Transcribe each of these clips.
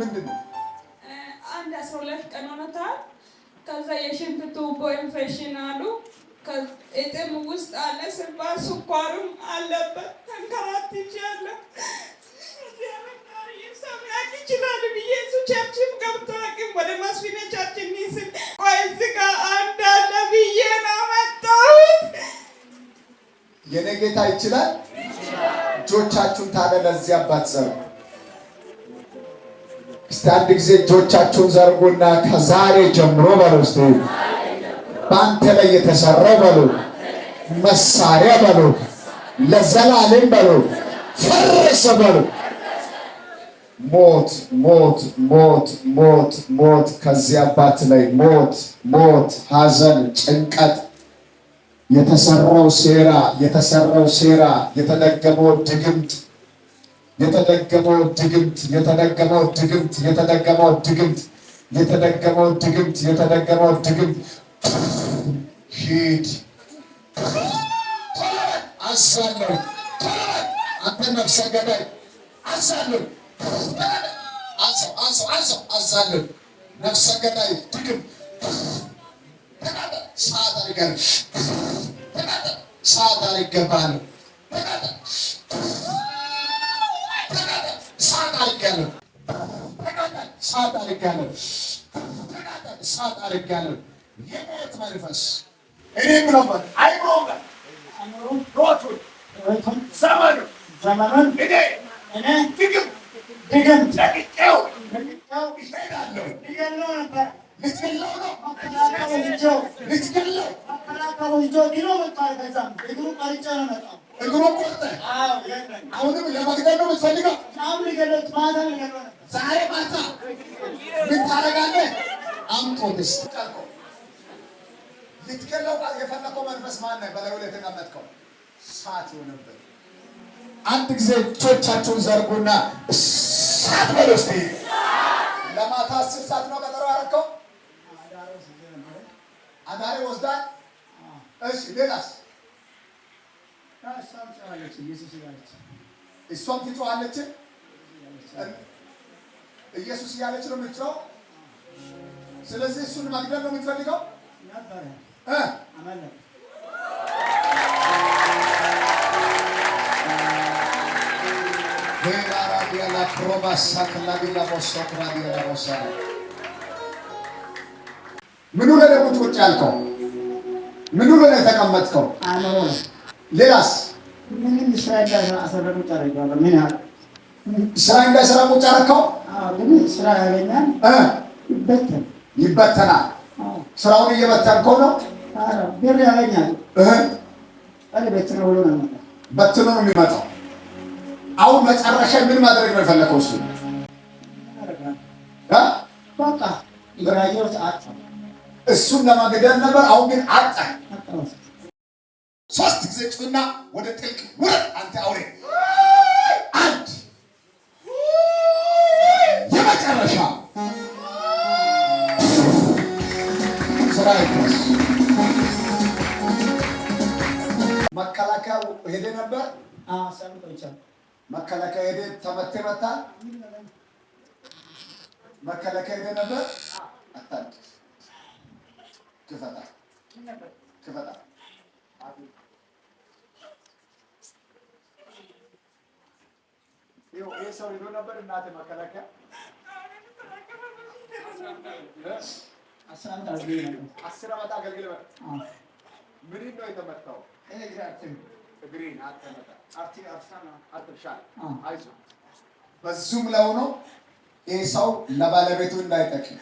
ምንድን ነው? አንድ አስራ ሁለት ቀን ሆኖታል። ከዛ የሽንት ቱቦ ኢንፌክሽን አሉ። እጥም ውስጥ አለ፣ ስባ ስኳርም አለበት። ተንከራትቻለሁ። ሰሚያቅ ይችላል ብዬ እሱ ቸርችም ገብቶ ግን ወደ ማስፊነ ቸርች ሚስል ቆይ እዚህ ጋ አንዳለ ብዬ ነው መጣሁት። የኔ ይችላል። እጆቻችሁን ታዲያ ለዚህ አባት ሰሩ እስቲ አንድ ጊዜ እጆቻችሁን ዘርጉና ከዛሬ ጀምሮ በሉ። እስቲ በአንተ ላይ የተሰራው በሉ፣ መሳሪያ በሉ፣ ለዘላለም በሉ፣ ፈረሰ በሉ። ሞት ሞት ሞት ሞት ሞት ከዚህ አባት ላይ ሞት ሞት፣ ሐዘን፣ ጭንቀት፣ የተሰራው ሴራ የተሰራው ሴራ የተደገመው ድግምት የተደገመው ድግምት የተደገመው ድግምት የተደገመው ድግምት የተደገመው ድግምት የተደገመው ድግምት ሂድ አዛለሁ። አንተ ነፍሰ ገዳይ አዛለሁ፣ አዛለሁ። ነፍሰ ገዳይ ድግም ሰዓት አድርገህ ሰዓት አድርገህ አድርጋለሁ፣ ሳት አድርጋለሁ፣ ሳት የሞት መንፈስ እኔ ምለው አይምሮ ሮቱን ዘመኑ ድግም ድግም ነው እግሮ ቆርጠ አሁንም ለመግደል ነው የምትፈልገው? ዛሬ ማታ ምን ታደርጋለህ? አምጦት እስኪ ልትገለው የፈለከው መንፈስ ማነህ? በላዩ ላይ የተቀመጥከው እሳት ይሆንብህ። አንድ ጊዜ እጆቻችሁን ዘርጉና እሳት በሉ እስኪ። ለማታ አስር ሰዓት ነው ቀጠሮ ያደረከው። አዳሬ ወስዳል። እሺ ሌላስ እሷም ትጮኻለች። ኢየሱስ እያለች ነው የምትጮኸው። ስለዚህ እሱን ማግደል ነው የምትፈልገው። ምኑ ላይ ነው ቁጭ ያልከው? ምኑ ላይ የተቀመጥከው? ሌላስ ምንም ስራ እንዳይሰራ ቁጭ ምን ያህል ስራ እንዳይሰራ ቁጭ ግን ስራ ያገኛል፣ ይበተን ይበተናል። ስራውን እየበተንከው ነው። ብር ያገኛል፣ በትኖ ብሎ ነው በትኖ ነው የሚመጣው። አሁን መጨረሻ ምን ማድረግ ነው የፈለከው? እሱ በቃ እሱን ለመግደል ነበር። አሁን ግን አጣ ሶስት ጊዜ ጩና ወደ ጥልቅ ውረድ አንተ አውሬ። አንድ የመጨረሻ መከላከያ ሄደ ነበር። መከላከያ ሄደ ተመቴ መታ። መከላከያ ሄደ ነበር። አታንቅ ክፈታ፣ ክፈታ ይህ ሰው ሄዶ ነበር። እናቴ መከላከያ አስር ዓመት በዙም ላይ ሆኖ ይህ ሰው ለባለቤቱ እንዳይጠቅም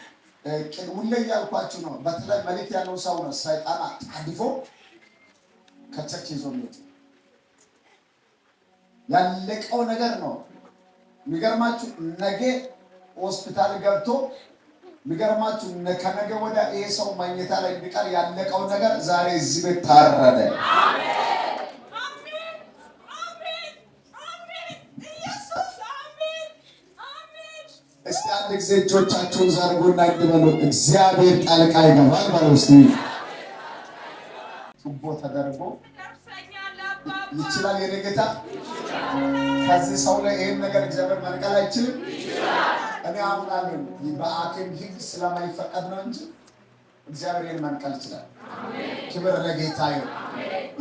ሁሌ እያልኳችሁ ነው። በተለይ መልዕክት ያለው ሰው ነው ሰይጣን አጣድፎ ከቸርች ይዞለት ያለቀው ነገር ነው። የሚገርማችሁ ነገ ሆስፒታል ገብቶ የሚገርማችሁ ከነገ ወደ ይሄ ሰው መኝታ ላይ ቢቀር ያለቀው ነገር ዛሬ እዚህ ቤት ታረደ። እስቲ አንድ ጊዜ እጆቻችሁን ዘርጉና ግበሉ። እግዚአብሔር ጣልቃ ይገባል ባለ ውስጥ ቱቦ ተደርጎ ይችላል። የኔ ጌታ ከዚህ ሰው ላይ ይህን ነገር እግዚአብሔር መንቀል አይችልም። እኔ አምናለሁ። በሐኪም ሕግ ስለማይፈቀድ ነው እንጂ እግዚአብሔር መንቀል ይችላል። ክብር ለጌታ ይሁን።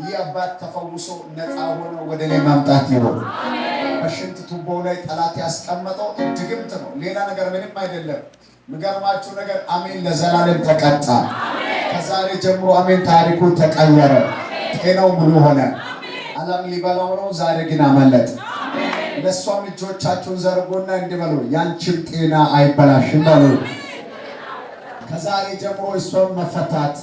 ይህ አባት ተፈውሶ ነፃ ሆኖ ወደ እኔ ማምጣት ይሆን በሽንት ቱቦ ላይ ጠላት ያስቀመጠው ድግምት ነው። ሌላ ነገር ምንም አይደለም። ምገርማችሁ ነገር አሜን። ለዘላለም ተቀጣ። ከዛሬ ጀምሮ አሜን፣ ታሪኩ ተቀየረ፣ ጤናው ሙሉ ሆነ። ዓለም ሊበላው ነው፣ ዛሬ ግን አመለጥ። ለእሷም እጆቻችሁን ዘርጎና እንዲበሉ ያንቺን ጤና አይበላሽም በሉ። ከዛሬ ጀምሮ እሷም መፈታት፣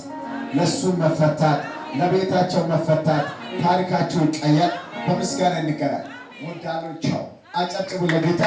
ለእሱም መፈታት፣ ለቤታቸው መፈታት። ታሪካቸው ቀየር። በምስጋና እንገናኝ። ወዳሎቻው አጨብጭቡ ለጌታ።